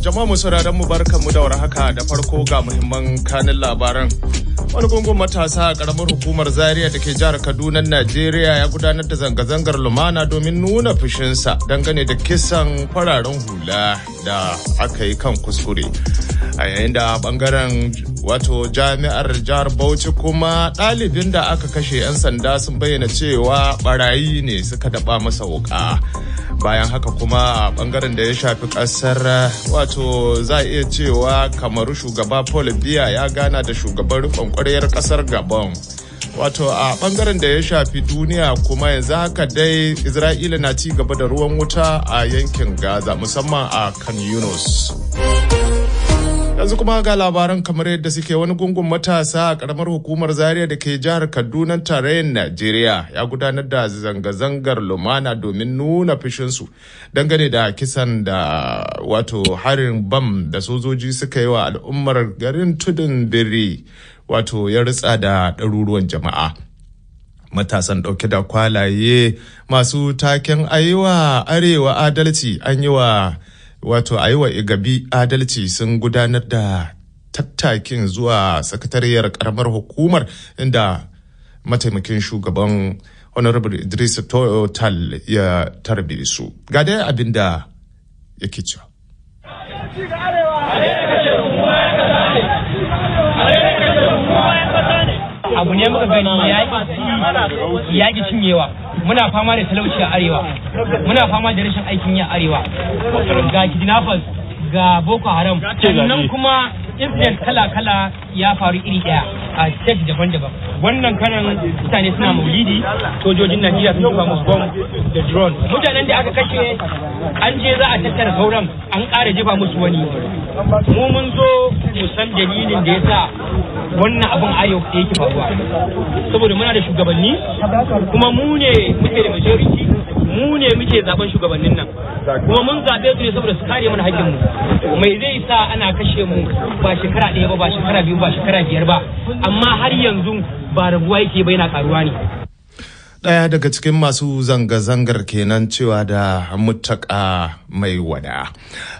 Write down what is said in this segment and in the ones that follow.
Jama'a mu sauraron mu barkanmu da haka da farko ga muhimman kanin labaran. Wani gungun matasa a karamar hukumar Zaria da ke jihar Kaduna, Najeriya ya gudanar da zanga-zangar lumana domin nuna fushinsa dangane da kisan fararen hula da aka yi kan kuskure. A yayin da bangaren wato jami'ar jihar Bauchi kuma ɗalibin da aka kashe 'yan sanda sun bayyana cewa barayi ne suka daɓa masa wuƙa. bayan haka kuma a bangaren da ya shafi kasar wato za a iya cewa kamaru shugaba paul biya ya gana da shugaban rikon kwaryar kasar gabon wato a bangaren da ya shafi duniya kuma yanzu haka dai isra'ila na ci gaba da ruwan wuta a yankin gaza musamman a kan yunus yanzu kuma ga labaran kamar yadda suke wani gungun matasa a karamar hukumar zaria da ke jihar kaduna tarayyar najeriya ya gudanar da zanga-zangar lumana domin nuna fishinsu dangane da kisan da wato harin bam da sojoji suka yi wa al'ummar garin tudun biri wato ya ritsa da ɗaruruwan jama'a matasan ɗauke da kwalaye masu taken ayiwa arewa adalci an yi wa wato a yi wa igabi adalci sun gudanar da tattakin zuwa sakatariyar karamar hukumar inda mataimakin shugaban honorable idris total ya tarbe su ga dai abin da ya cewa abu ne muka gani ya yi ya cinyewa muna fama da talauci a arewa muna fama da rashin aikin yi a arewa ga kidnappers ga boko haram sannan kuma incident kala-kala ya faru iri daya a state daban-daban wannan karan mutane suna maulidi sojojin najeriya sun zuba musu bom da drone mutanen da aka kashe an je za a tattara sauran an ƙara jefa musu wani mu mun zo mu san dalilin da ya sa wannan abin ayo yake faruwa saboda muna da shugabanni kuma mu ne muke da majority mu ne muke zaben shugabannin nan kuma mun zaɓe su ne saboda su kare mana hakkin mu mai zai sa ana kashe mu ba shekara ɗaya ba ba shekara biyu ba shekara biyar ba amma har yanzu ba rabuwa yake ba yana karuwa ne Ɗaya daga cikin masu zanga-zangar kenan cewa da mutaka mai wada.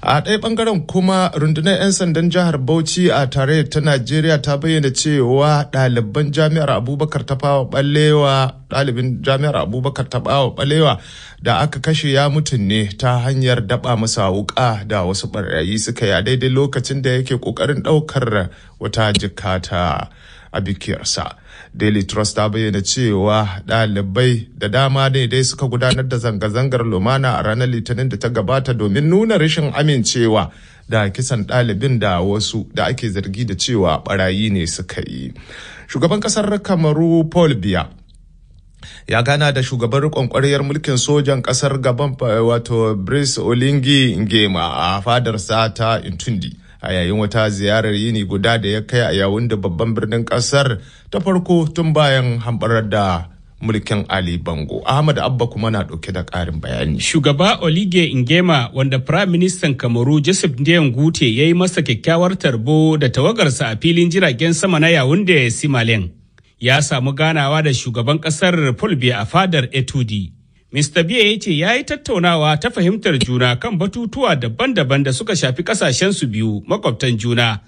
A ɗaya ɓangaren kuma rundunar 'yan sandan jihar Bauchi a tare ta Najeriya ta bayyana cewa ɗaliban jami'ar Abubakar ta fawa ɓallewa ɗalibin jami'ar Abubakar ta fawa ɓallewa da aka kashe ya mutu ne ta hanyar daɓa masa wuƙa da wasu ɓarayi suka yi daidai lokacin da yake ƙoƙarin ɗaukar wata jikata a bikiyarsa. Daily Trust ta bayyana cewa ɗalibai da dama ne dai suka gudanar da zanga-zangar lumana a ranar Litinin da ta gabata domin nuna rashin amincewa da kisan ɗalibin da wasu da ake zargi da cewa barayi ne suka yi. Shugaban ƙasar Kamaru Paul Biya ya gana da shugaban rikon kwaryar mulkin sojan ƙasar gaban wato brice olingi ngema a fadarsa ta intundi a yayin wata ziyarar yini guda da ya kai a yawun da babban birnin kasar ta farko tun bayan hamɓarar da mulkin Ali Bango. Ahmad Abba kuma na ɗauke da ƙarin bayani. Shugaba Olige Ingema wanda Prime Ministan Kamaru Joseph Ndiyen Gute ya yi masa kyakkyawar tarbo da tawagarsa a filin jiragen sama na Yaounde Simalen. Ya samu ganawa da shugaban ƙasar Paul Biya a fadar Etudi. Mr. Biya ya ce ya yi tattaunawa ta fahimtar juna kan batutuwa daban-daban da suka shafi su biyu makwabtan juna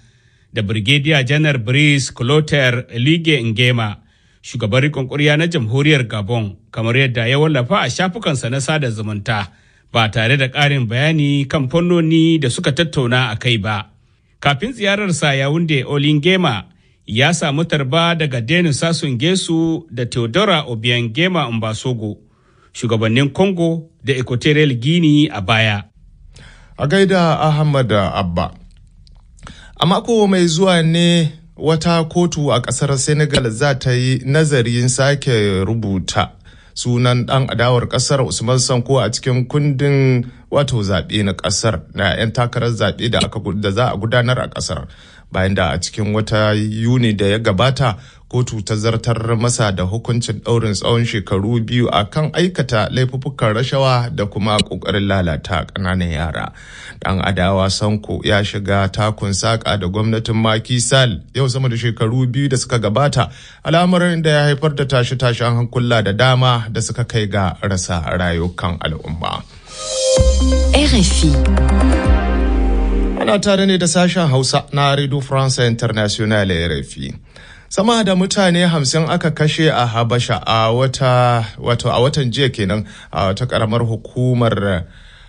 da Brigadier Janar Brice Clotaire Lige Ngema, shugaban rikon ƙuriya na jamhuriyar Gabon, kamar yadda ya wallafa a shafukansa na sada zumunta, ba tare da ƙarin bayani kan fannoni da suka tattauna a kai ba. Kafin ziyararsa ya wunde Gema ya samu tarba daga Denis Sassou Nguesso da Theodora Obiang gema Mbasogo. shugabannin Congo da Equatorial Guinea a baya. A gaida Ahmad Abba. A mako mai zuwa ne wata kotu a ƙasar Senegal za ta yi nazarin sake rubuta sunan ɗan adawar ƙasar Usman Sanko a cikin kundin wato zaɓe na ƙasar na 'yan takarar zabe da za a gudanar a ƙasar bayan da a cikin wata Yuni da ya gabata kotu ta zartar masa da hukuncin ɗaurin tsawon shekaru biyu a kan aikata laifuffukan rashawa da kuma ƙoƙarin lalata ƙananan yara ɗan adawa sanko ya shiga takun saƙa da gwamnatin maki sal yau sama da shekaru biyu da suka gabata al'amarin da ya haifar da tashe-tashen hankula da dama da suka kai ga rasa rayukan al'umma. Ana tare ne da sashen Hausa na Radio France International rafi. sama da mutane hamsin aka kashe a habasha a wata wato a watan jiya kenan a wata karamar hukumar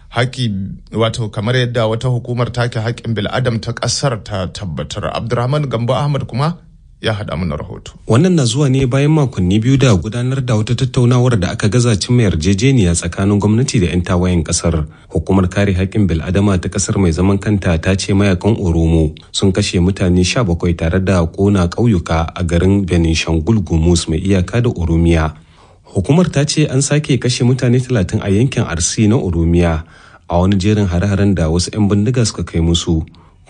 haki wato kamar yadda wata hukumar take haƙƙin bil'adam ta ƙasar ta tabbatar abdurrahman gambo ahmad kuma ya haɗa mana rahoto. Wannan na zuwa ne bayan makonni biyu da gudanar da wata tattaunawar da aka gaza mayar yarjejeniya tsakanin gwamnati da 'yan tawayen ƙasar. Hukumar kare haƙƙin bil'adama ta ƙasar mai zaman kanta ta ce mayakan Oromo sun kashe mutane 17 tare da ƙona ƙauyuka a garin Benin Shangul Gumus mai iyaka da Oromiya. Hukumar ta ce an sake kashe mutane 30 a yankin Arsi na Oromiya a wani jerin hare-haren da wasu 'yan bindiga suka kai musu.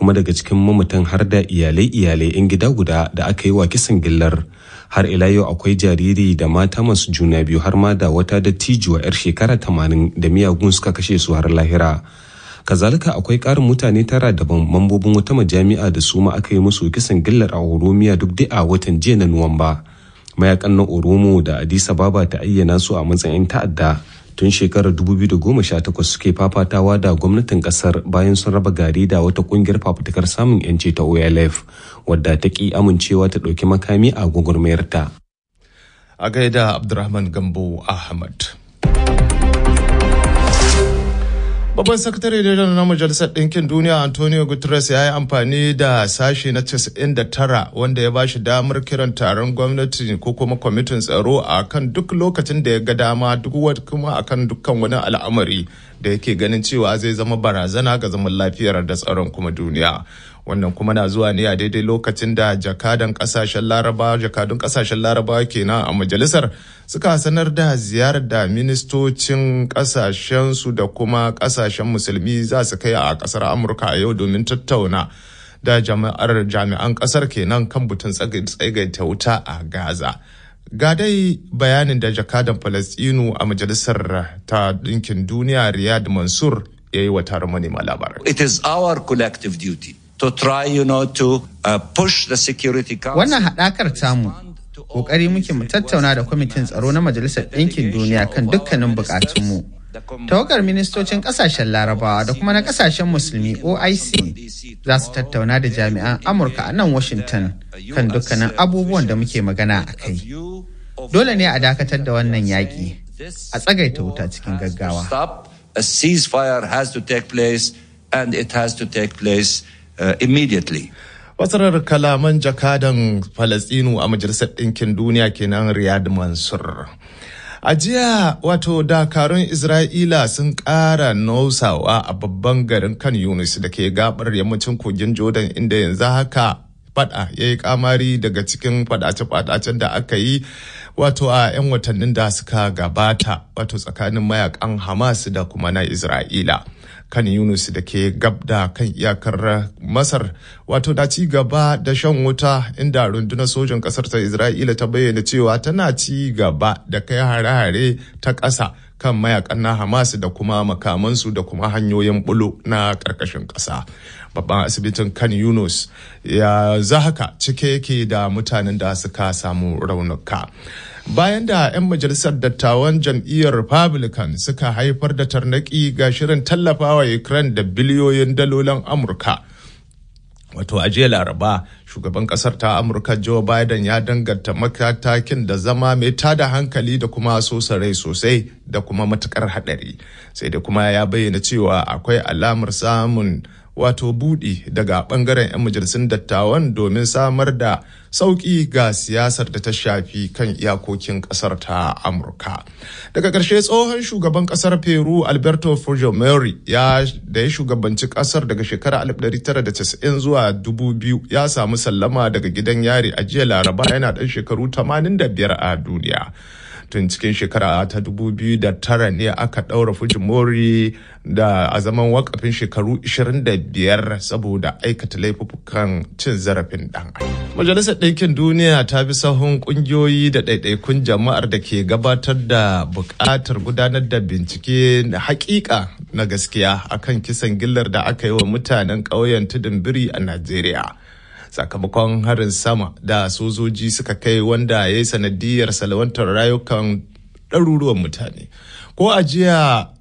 kuma daga cikin mamutan har da iyalai-iyalai in gida guda da aka yi wa kisan gillar har ila yau akwai jariri da mata masu juna biyu har ma da wata dattijuwa 'yar shekara tamanin da miyagun suka kashe su har lahira kazalika akwai karin mutane tara daban mambobin wata majami'a da su ma aka yi musu kisan gillar a oromiya duk dai a watan jiya na nuwamba mayakan na oromo da adisa baba ta ayyana su a matsayin ta'adda tun shekarar 2018 suke fafatawa da gwamnatin kasar bayan sun raba gari da wata kungiyar fafutukar samun yanci ta olf wadda ta ki amincewa ta ɗauki makami a gwagwarmayarta a gaida abdurrahman gambo ahmad Babban sakatare janar na Majalisar Ɗinkin Duniya Antonio Guterres ya yi amfani da sashe na 99 wanda ya bashi damar kiran taron gwamnati ko kuma kwamitin tsaro a kan duk lokacin da ya ga dama duk kuma a kan dukkan wani al'amari da yake ganin cewa zai zama barazana ga zaman lafiyar da tsaron kuma duniya. wannan kuma na zuwa ne a daidai lokacin da jakadan kasashen laraba jakadun kasashen laraba kenan a majalisar suka sanar da ziyarar da ministocin su da kuma kasashen musulmi za su kai a kasar amurka a yau domin tattauna da jami'ar jami'an kasar kenan kan butun tsagaita wuta a gaza ga dai bayanin da jakadan falastinu a majalisar ta ɗinkin duniya riyad mansur ya yi wa taron manema labarai. It is our collective duty to try, you know, to uh, push the Security Council. Wannan haɗakar tamu kokari muke mu tattauna da kwamitin tsaro na Majalisar Ɗinkin Duniya kan dukkanin bukatunmu. Tawagar ministocin kasashen Larabawa da kuma na kasashen Musulmi OIC za su tattauna da jami'an Amurka a nan Washington kan dukkanin abubuwan da muke magana a kai. Dole ne a dakatar da wannan yaƙi, a tsagaita wuta cikin gaggawa. A ceasefire has to take place and it has to take place uh, immediately. Wasarar kalaman jakadan Falasɗinu a Majalisar Ɗinkin Duniya kenan Riyad Mansur. A jiya wato dakarun Isra'ila sun ƙara nausawa a babban garin kan Yunus da ke gabar yammacin kogin Jordan inda yanzu haka fada ya yi kamari daga cikin fadace-fadacen da aka yi wato a 'yan watannin da suka gabata wato tsakanin mayakan Hamas da kuma na Isra'ila. kan yunus da ke Gabda kan iyakar masar wato na ci gaba da shan wuta inda rundunar sojan kasar ta isra'ila ta bayyana cewa tana ci gaba da kai hare-hare ta ƙasa kan mayakan na Hamas da kuma makamansu da kuma hanyoyin bulo na ƙarƙashin ƙasa. Babban asibitin Kan Yunus ya za haka cike yake da mutanen da suka samu raunuka. bayan da 'yan majalisar dattawan jam'iyyar republican suka haifar da tarnaki ga shirin tallafawa ukraine da biliyoyin dalolin amurka wato a jiya laraba shugaban kasar ta amurka joe biden ya danganta matakin da zama mai tada hankali da kuma sosa rai sosai da kuma matukar hadari sai da kuma ya bayyana cewa akwai alamar samun wato buɗi daga ɓangaren 'yan majalisun dattawan domin samar da sauƙi ga siyasar da ta shafi kan iyakokin ƙasar ta amurka daga ƙarshe tsohon shugaban ƙasar peru alberto fujimori ya da ya shugabanci ƙasar daga shekara 1990 zuwa 2000 ya samu sallama daga gidan yari a jiya laraba yana ɗan shekaru 85 a duniya tun cikin shekara ta 2009 ne aka ɗaura fujimori da a zaman wakafin shekaru 25 biyar saboda aikata laifukan cin zarafin ɗan adam. Majalisar Ɗinkin Duniya ta bi sahun ƙungiyoyi da ɗaiɗaikun jama'ar da ke gabatar da buƙatar gudanar da bincike na haƙiƙa na gaskiya akan kisan gillar da aka yi wa mutanen ƙauyen tudun biri a Najeriya. Sakamakon harin sama da sojoji suka kai wanda ya yi sanadiyar salwantar rayukan ɗaruruwan mutane. Ko ajiya.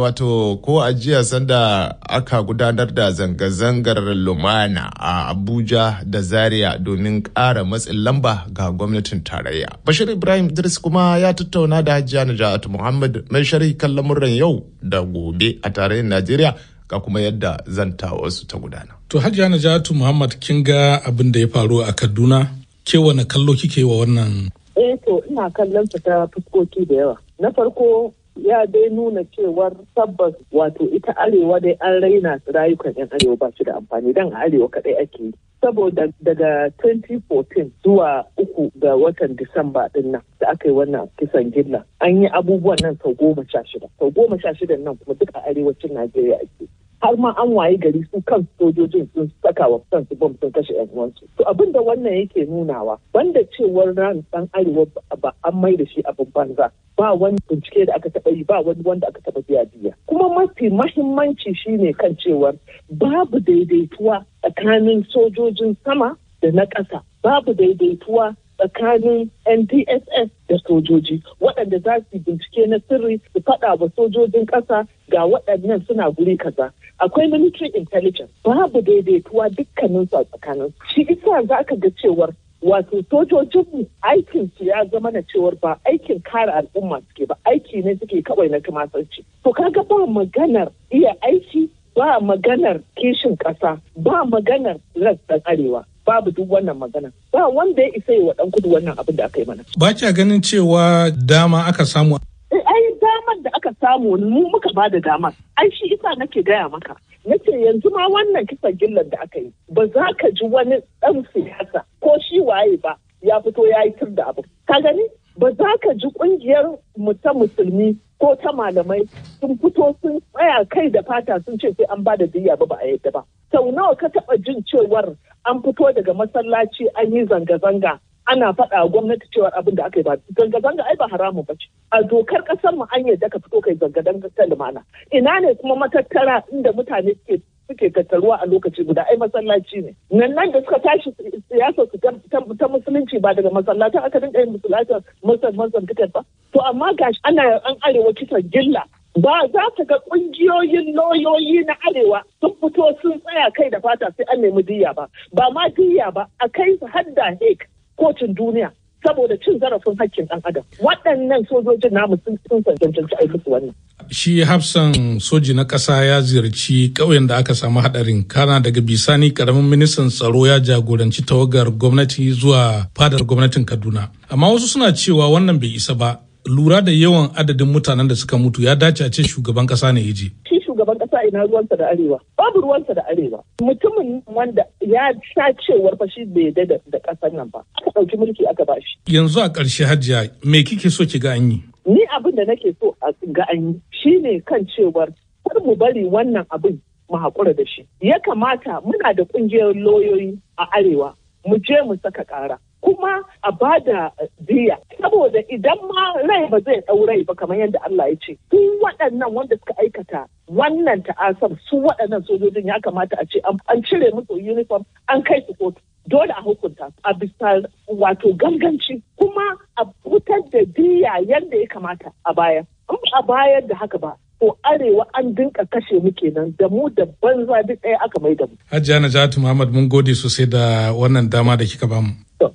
wato ko ajiya sanda aka gudanar da zanga-zangar lumana a abuja da zaria domin ƙara matsin lamba ga gwamnatin tarayya bashir ibrahim idris kuma ya tattauna da hajiya najat muhammad mai sharhi kan lamuran yau da gobe a tarayyar najeriya ga kuma yadda zanta wasu ta gudana to hajiya najat muhammad kin ga abin da ya faru a kaduna ke wani kallo kike wa wannan eh to ina kallon ta fuskoki da yawa na farko ya dai nuna cewar tabbas wato ita arewa dai an raina rayukan 'yan arewa ba su da amfani dan a arewa kadai ake yi saboda daga 2014 zuwa uku ga watan disamba din nan da aka yi wannan kisan gilla an yi abubuwan nan sau goma sha shida sau goma sha shida nan kuma duka arewacin najeriya ake har ma an waye gari su kan sojojin sun saka wa kansu bom sun kashe yan uwansu to abin da wannan yake nunawa wanda cewar ran dan arewa ba an mai da shi abin banza ba wani bincike da aka taba yi ba wani wanda aka taɓa biya biya kuma mafi mahimmanci shine kan cewar babu daidaituwa tsakanin sojojin sama da na ƙasa babu daidaituwa tsakanin ndss da sojoji waɗanda za su bincike na sirri su faɗa wa sojojin ƙasa ga waɗannan suna guri kaza akwai military intelligence babu daidaituwa dukkaninsu a tsakanin shi isa za ka ga cewar wato sojojinmu aikin su ya zama na cewar ba aikin kare al'umma suke ba aiki ne suke kawai na tumasanci to kaga ba maganar iya aiki ba maganar kishin ƙasa ba maganar rasta arewa babu duk wannan magana ba wanda ya isa yi wa dan kudu wannan abin da aka yi mana ba kya ganin cewa dama aka samu eh, ai damar da aka samu mu muka ba da damar ai shi isa nake gaya maka nace yanzu ma wannan kisan gillan da aka yi ba za ka ji wani ɗan siyasa ko shi waye ba ya fito ya yi tur da abu ka gani ba za ka ji kungiyar mu ta musulmi ko ta malamai sun fito sun tsaya kai da fata sun ce sai an ba da diyya ba ba a yadda ba sau nawa ka taɓa jin cewar an fito daga masallaci an yi zanga-zanga ana faɗa gwamnati cewa abin da aka yi ba zanga-zanga ai ba haramun ba ce a dokar ƙasar mu an yadda ka fito kai zanga-zanga ta lumana ina ne kuma matattara inda mutane suke suke tattaruwa a lokaci guda ai masallaci ne nan nan da suka tashi siyasa su ta musulunci ba daga masallatan aka dinga yin musulatan musulman ba to amma gashi ana an arewa kisan gilla ba za ta ga kungiyoyin lauyoyi na arewa sun fito sun tsaya kai da fata sai an nemi diya ba ba ma diya ba a kai su hadda hek kotun duniya saboda cin zarafin hakkin ɗan adam waɗannan sojojin namu sun sun cancanci aiki wannan shi hafsan soji na ƙasa ya ziyarci ƙauyen da aka samu haɗarin kana daga bisani ƙaramin ministan tsaro ya jagoranci tawagar gwamnati zuwa fadar gwamnatin kaduna amma wasu suna cewa wannan bai isa ba lura da yawan adadin mutanen da suka mutu ya dace a ce shugaban kasa ne ya Shi shugaban kasa ina ruwansa da arewa. Babu ruwansa da arewa. Mutumin wanda ya sha cewar fa shi bai da da kasar nan ba. Aka ɗauki mulki aka ba shi. Yanzu a ƙarshe hajiya me kike so ki ga an yi? Ni abin da nake so a ga an yi shi ne kan cewar kar mu bari wannan abin mu haƙura da shi. Ya kamata muna da ƙungiyar lauyoyi a arewa mu je mu saka ƙara. kuma a ba da biya saboda idan ma rai ba zai ɗau rai ba kamar yadda Allah ya ce su waɗannan wanda suka aikata wannan ta'asar su waɗannan sojojin ya kamata a ce an cire musu uniform an kai su kotu dole a hukunta a bisa wato ganganci kuma a fitar da biya yadda ya kamata a baya in a bayar da haka ba ko arewa an dinka kashe mu kenan da mu da banza duk ɗaya aka mai da mu. Hajiya Najatu Muhammad mun gode sosai da wannan dama da kika bamu. A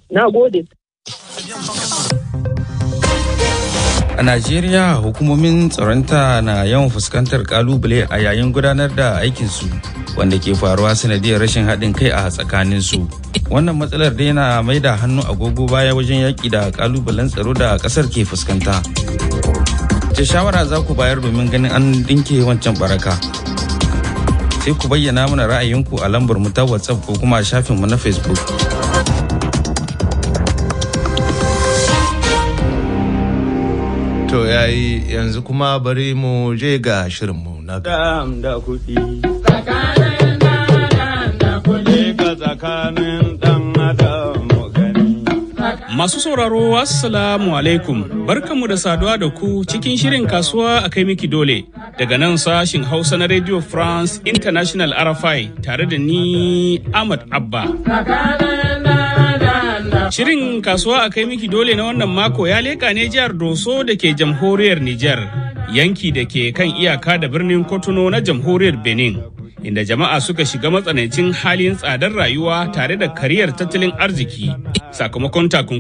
Najeriya hukumomin tsaronta na yawan fuskantar kalubale a yayin gudanar da aikinsu wanda ke faruwa sanadiyar rashin haɗin kai a tsakaninsu. Wannan matsalar dai na mai da hannu agogo baya wajen yaƙi da kalubalen tsaro da ƙasar ke fuskanta. Ce shawara za ku bayar domin ganin an dinke wancan baraka. Sai ku bayyana mana ra'ayinku a lambar mu ta WhatsApp ko kuma shafinmu na Facebook. To yayi yanzu kuma bari mu je ga shirinmu na da kuɗi. da Masu sauraro Assalamu alaikum barkanmu da saduwa da ku cikin shirin kasuwa a kai miki dole daga nan sashin Hausa na Radio France International RFI tare da ni Ahmad Abba. Shirin kasuwa a kai miki dole na wannan mako ya leka ne jihar Doso da ke jamhuriyar Nijar, yanki da ke kan iyaka da birnin Kotuno na jamhuriyar Benin, inda jama'a suka shiga matsanancin halin tsadar rayuwa tare da kariyar tattalin arziki sakamakon takun